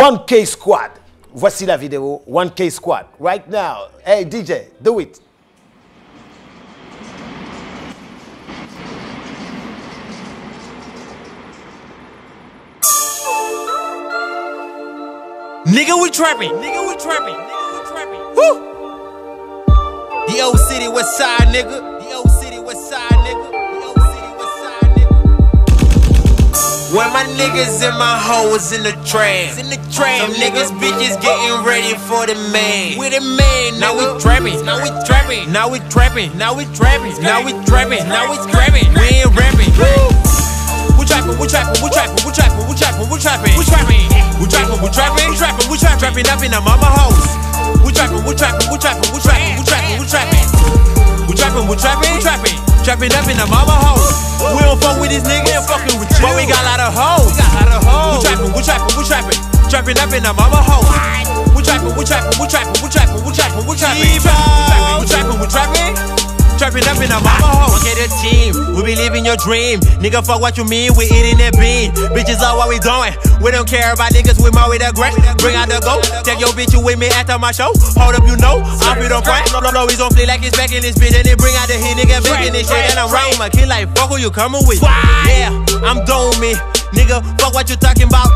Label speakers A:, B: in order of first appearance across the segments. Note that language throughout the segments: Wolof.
A: 1K Squad. Voici la vidéo 1K Squad. Right now. Hey DJ, do it.
B: Nigga, we trapping. Nigga, we trapping. Nigga, we trapping. Woo! The old city west side, nigga. The old city west side. When my niggas and my hoes in the trap. In the trap. Some niggas bitches getting ready for the man. We the man. Now we trapping. Now we trapping. Now we trapping. Now we trapping. Now we trapping. Now we trapping. We ain't rapping. We trapping. We trapping. We trapping. We trapping. We trapping. We trapping. We trapping. We trapping. We trapping. We trapping. We trapping. Trapping up in our mama hoes. We trapping. We trapping. We trapping. We trapping. We trapping. We trapping. We trapping. We trapping. We trapping. Trapping up in the mama hoes. We don't fuck with this nigga and fucking with you. But we got a lot of hoes. We got a lot of hoes. We trapping, we trapping, we trapping. Trapping up in the mama hoes. We trapping, we trapping, we trapping, we trapping, we trapping, we trapping, we trapping. We trapping, we trapping, we trapping. Trapping up in a mama hoe. Okay, the team, we be living your dream. Nigga, fuck what you mean, we eating a bean. Bitches are what we doing. We don't care about niggas, we more the grain. Bring out the goat, take your bitch you with me after my show. Hold up, you know, I'll be like it's back in this bitch. And they bring out the heat, nigga, back in this shit. And I'm my kid like, fuck you coming with. Yeah, I'm dome me. Nigga, fuck what you talking about.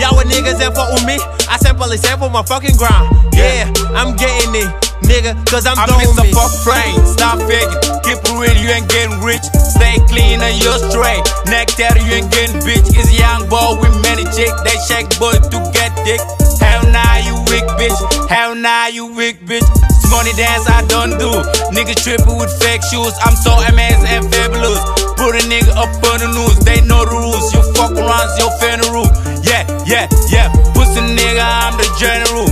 B: Y'all were niggas that fuck with me. I simply sample my fucking grind. Yeah, I'm getting it, nigga, I'm I doing the fuck frame. keep real, you ain't rich. Stay clean and you're straight. Neck that you ain't getting bitch. young boy with many chick. They shake boy to get dick. Hell nah, you weak bitch. Hell nah, you weak bitch. Money dance I don't do. Nigga tripping with fake shoes. I'm so amazed and fabulous. Put a nigga up on the They know rules. You fuck around, your funeral. Yeah, yeah, yeah. Pussy nigga, I'm the general.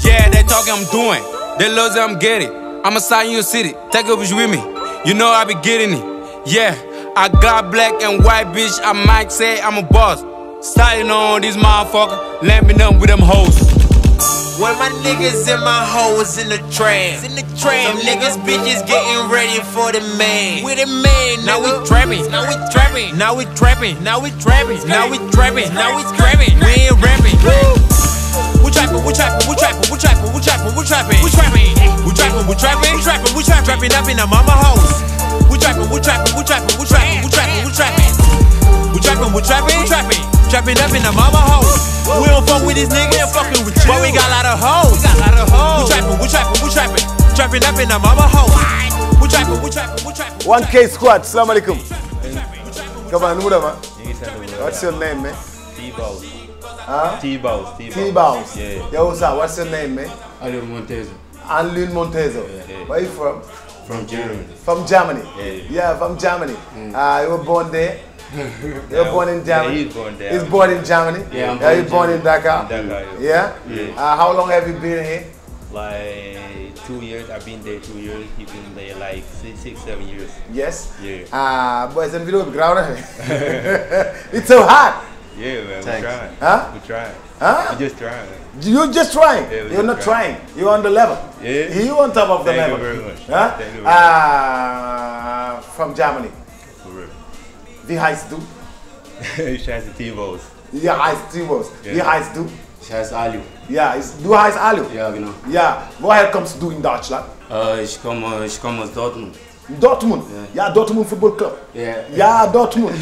B: Yeah, they talking, I'm doing. They lose it, I'm getting. I'ma sign you a city. Take a bitch with me. You know I be getting it. Yeah, I got black and white bitch. I might say I'm a boss. Styling on these motherfuckers. Lamping When my niggas and my hoes in the tram. In the tram, Some niggas bitches getting ready for the man. We the man, now we trapping, now we trapping, now we trapping, now we trapping, now we trapping, now we trapping, we ain't rapping. We trapping, we trapping, we trapping, we trapping, we trapping, we trapping, we trapping, we trapping, we trapping, we trapping, we trapping, trapping up in our mama hoes. We trapping, we trapping, we trapping, we trapping, we trapping, we trapping, we trapping, we trapping, we trapping. Trapping up in the mama hoe. We don't fuck with this nigga and fucking with you. But we got a lot of hoes. We got a lot of hoes. We trapping, we trapping, we trapping. Trapping up in the mama hoe. We trapping, we trapping, we trapping.
A: 1K squad, salam alaikum. Come on, Mudama. What's your name, man? T-Bows. Huh? T-Bows. T-Bows. Yeah. Yo, what's up? What's your name, man? Alun Montezo. Alun Montezo. Yeah, yeah. Where you from? From Germany. From Germany? Yeah, yeah. yeah from Germany. Mm. Uh, you were born there? You're born in Germany. Yeah, he's born there. He's born in Germany. Yeah, I'm born, yeah, in, born in Dakar. Dakar. Yeah. yeah. Uh, how long have you been here?
C: Like two years. I've been there two years. He's been there like six, six, seven years. Yes. Yeah.
A: Ah, uh, boy, it's a video ground. it's so hard. Yeah, man, Thanks. we're trying. Huh? We're trying. Huh? We're just trying. You're just trying. Yeah, You're not trying. trying. You're on the level. Yeah. You on top of Thank the level. Thank you very much. Huh? Thank you very much. Uh, from Germany. For real. Wie heißt du? ich heiße T-Boss. Ja, heißt T-Boss. Wie heißt du? Ich heiße Aliu. Ja, du heißt Aliu? Ja, genau. Ja, woher kommst du in Deutschland? Äh, ich, komme, uh, ich uh, komme aus Dortmund. Dortmund? Ja, ja Dortmund Football Club. Yeah. Ja, Dortmund.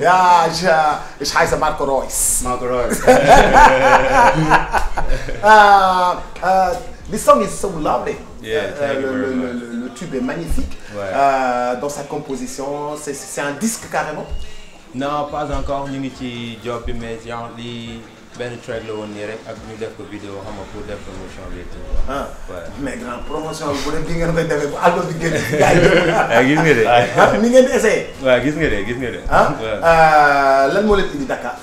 A: ja, ich, ich heiße Marco Reus. Marco Reus. äh, äh, The song is so lovely. Yeah, euh, thank you very much. Le, le, tube est magnifique. Euh, dans sa composition, c'est un disque carrément.
C: non pas encore ñu ngi ci job bi mais genre lii benn track la woon nii ak ñu def vidéo xam nga pour def promotion bi et tout. ah
A: mais grand promotion bi bu dee bii ngeen koy defee bu àll bi génn gars yi. ah gis nga de. ah ni ngeen di essayé. gis nga de gis nga ah euh, lan moo leen indi
C: Dakar.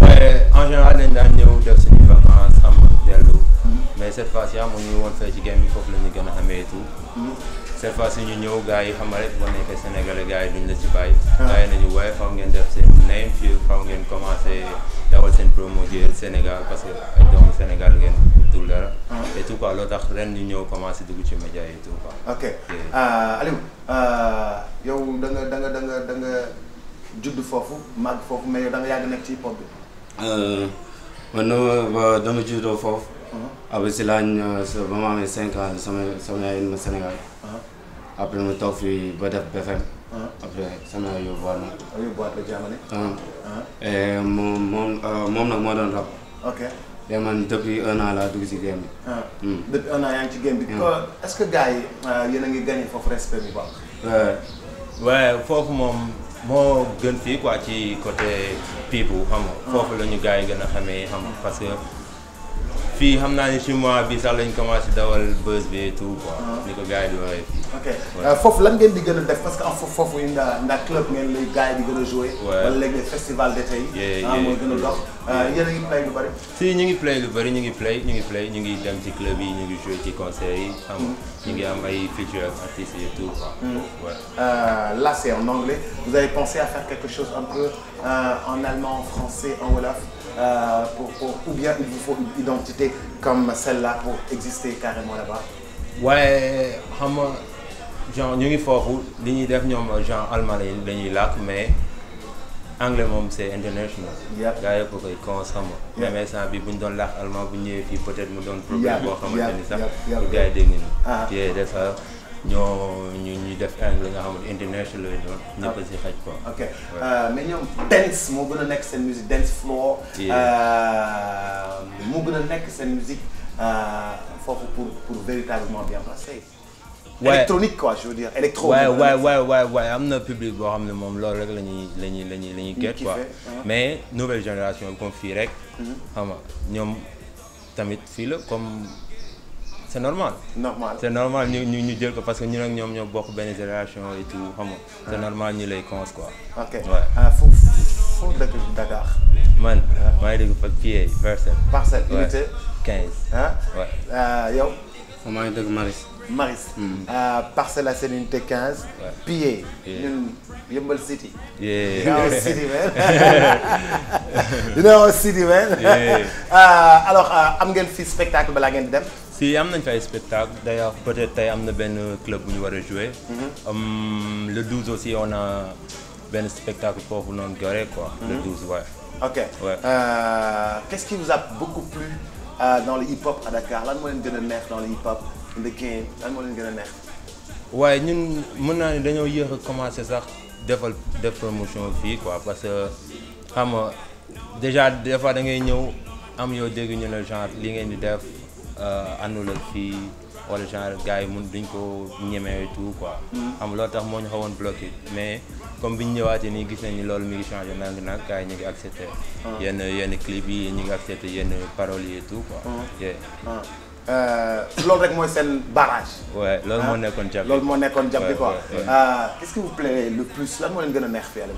C: waaye en général dañ daan mais cette fois ci amoon woon fee ci game bi foofu la ñu gën a amee tout cette fois ñu ñëw gars yi xam nga rek boo nekkee sénégalais gars yi duñ la ci bàyyi gars ah. yi nañu waaye faw ngeen def seen name fii faw ngeen commencé dawal seen promo ci Sénégal parce que ay doomu Sénégal ngeen dul dara ah. et tout quoi loo tax ren ñu ñëw commencé dugg ci média yi tout quoi ok
A: ah, Aliou yow da nga da nga da nga da nga judd foofu màgg foofu mais yow yàgg nekk ci hip hop bi
C: euh, man euh, dama juddoo foofu après si lañ ba mu amee cinq sama sama yaay ma Sénégal. après ma toog fii ba def BFM. après sama yaay yóbbuwaat moom moom nag moo doon rab. ok man depuis un an laa dugg si game bi.
A: depuis ci game bi. Hmm. Hmm. est-ce que gars yi euh, yéen a ngi gagné foofu respect bi ba.
C: waaye foofu moom moo gën fii quoi ci côté people xam nga. foofu la ñu yi gën a xamee xam parce que. fii xam naa ni ci mois bi sax lañ commencé dawal buzz bi et tout quoi. Ah. ni ko gars yi di waxee fii. ok euh, foofu
A: lan ngeen di gën a def parce que am foofu foofu yi nda nda club ngeen lay gars yi di gën a joué. wala léegi festival d'été yi. ah mooy gën a dox. Euh, yéen a ngi play lu bëri.
C: si ñu ngi play lu bëri ñu ngi play ñu ngi play ñu ngi dem ci club yi ñu ngi joué ci concert yi. xam mm. ñu ngi am ay feature ak artistes et tout quoi.
A: voilà. Mm. Euh, là c'est en anglais vous avez pensé à faire quelque chose un peu en allemand en français en wolof. euh, pour, pour, ou bien il vous faut identité comme celle-là pour exister carrément là-bas
C: waaye xam nga genre ñu ngi foofu li ñuy def ñoom genre allemand la ñuy làkk mais anglais moom c' est international. gaa yëpp koy consommer. même instant bi bu ñu doon làkk allemand bu ñëwee fii peut-être mu doon problème boo xamante ni sax. yàlla yàlla gars yi dégg nañu. ah eh, ñoo ñu ñuy def angle nga xam ne international lay doon. ñëpp si xaj quoi. ok euh,
A: mais ñoom dance moo gën a nekk seen musique dance floor. Euh, moo gën a nekk seen musique euh, foofu pour pour véritablement bien passer. Ouais. électronique quoi je veux dire électro. waay waay
C: waay waay am na public boo xam ne moom loolu rek la ñuy la ñuy la ñuy la ñuy gët quoi mais nouvelle génération bi fii rek. Mm-hmm. xam nga ñoom tamit fii la comme. c'est normal. normal c'est normal ñu ñu ñu jël ko parce que ñun ak ñoom ñoo bokk benn génération et tout xam nga. c'est ah. normal ñu lay cons quoi. ok
A: ah fu fu dëkk Dakar.
C: man ah. maa ngi dégg fa Pierre Parcelles. Parcelles unité. 15 ah. waaw ah, yow. maa ngi Maris.
A: Maris. Hmm. Parcelles Assainies unité 15. waaw Pierre. ñun Yëmbal City. Yëmbal you know city man. Ah, alors ah, am ngeen fi spectacle balaa ngeen di dem. si
C: am nañ fi ay spectacle d'ailleurs peut-être tey am na benn club bu ñu war a jouer. Mhm. le 12 aussi on a benn spectacle foofu noonu Gorée quoi. le 12 mhm. waaye. Ouais. ok ouais.
A: Euh, qu'est-ce qui vous a beaucoup plu euh, dans le hip-hop à Dakar lan moo leen gën a neex dans le hip-hop in the game lan moo leen gën a neex.
C: waaye ñun mën naa ne dañoo yéex a commencé sax defal def promotion fii quoi parce que xam nga déjà des fois da ngay ñëw am yoo dégg ñu la genre li ngeen di def euh, àndul la fii wala genre gars yi mun duñ ko ñemee tout quoi. xam mm-hmm. loolu tax moo ñu xawoon bloqué mais comme bi ñu ñëwaatee nii gis nañ ni loolu mi ngi changé nang nag gars yi ñu ngi accepté. Ah. yenn yenn clip yi ñu ngi accepté yenn paroles yi et tout quoi. Ah.
A: Ah. Euh, loolu rek mooy seen barrage.
C: waaw loolu moo nekkoon jàpp loolu moo nekkoon jàpp quoi. Euh,
A: qu'est-ce qui vous plaît le plus lan moo leen gën a neex fii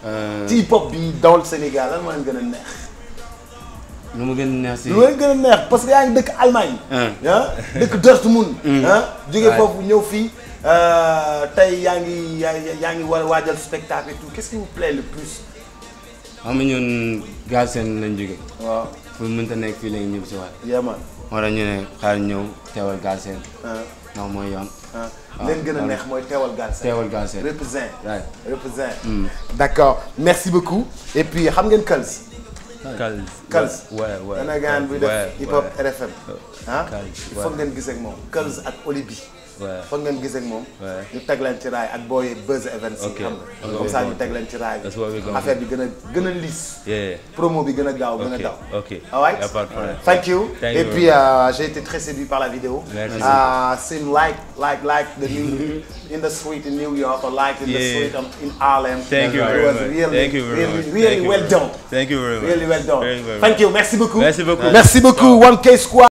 C: ci euh, hip
A: hop bi dawal Sénégal lan moo leen gën a neex.
C: lu ma
A: gën a neex parce que yaa ngi dëkk Allemagne. ah, ah dëkk Dortmund. Mm. ah jóge foofu ñëw fii euh, tey yaa ngi yaa ngi war a waajal spectacle et tout quest vous plaît le plus.
C: xam nga ñun gaz seen lañ jóge. waaw pour mënta nekk fii léegi ñëw si waat. yaa moo tax ñu ne xaar
A: ñëw teewal gaz seen. Ah. ndax mooy yoon. Ah, leen gën a ah, neex mooy teewal Galsen represent represent hmm. d' accord merci beaucoup et puis xam ngeen Kals Kals Kals dana gaan bi def hip hop RFM il faut ngeen gis ak moom Kals ak Olibi foog ngeen gis ak moom. ñu teg leen ci raay ak booy buzz events yi. xam nga comme ça ñu teg leen ci raay bi. affaire bi gën a gën a liis. promo bi gën a gaaw gën a daw.
C: ok all right thank you. et puis euh,
A: j'ai été très séduit par la vidéo. merci ah, seem like like like the new in the street in New York or like in the street in Harlem. thank you very much thank you very much really well done. thank you very much really well done. thank you merci beaucoup. merci beaucoup merci beaucoup 1K Squad.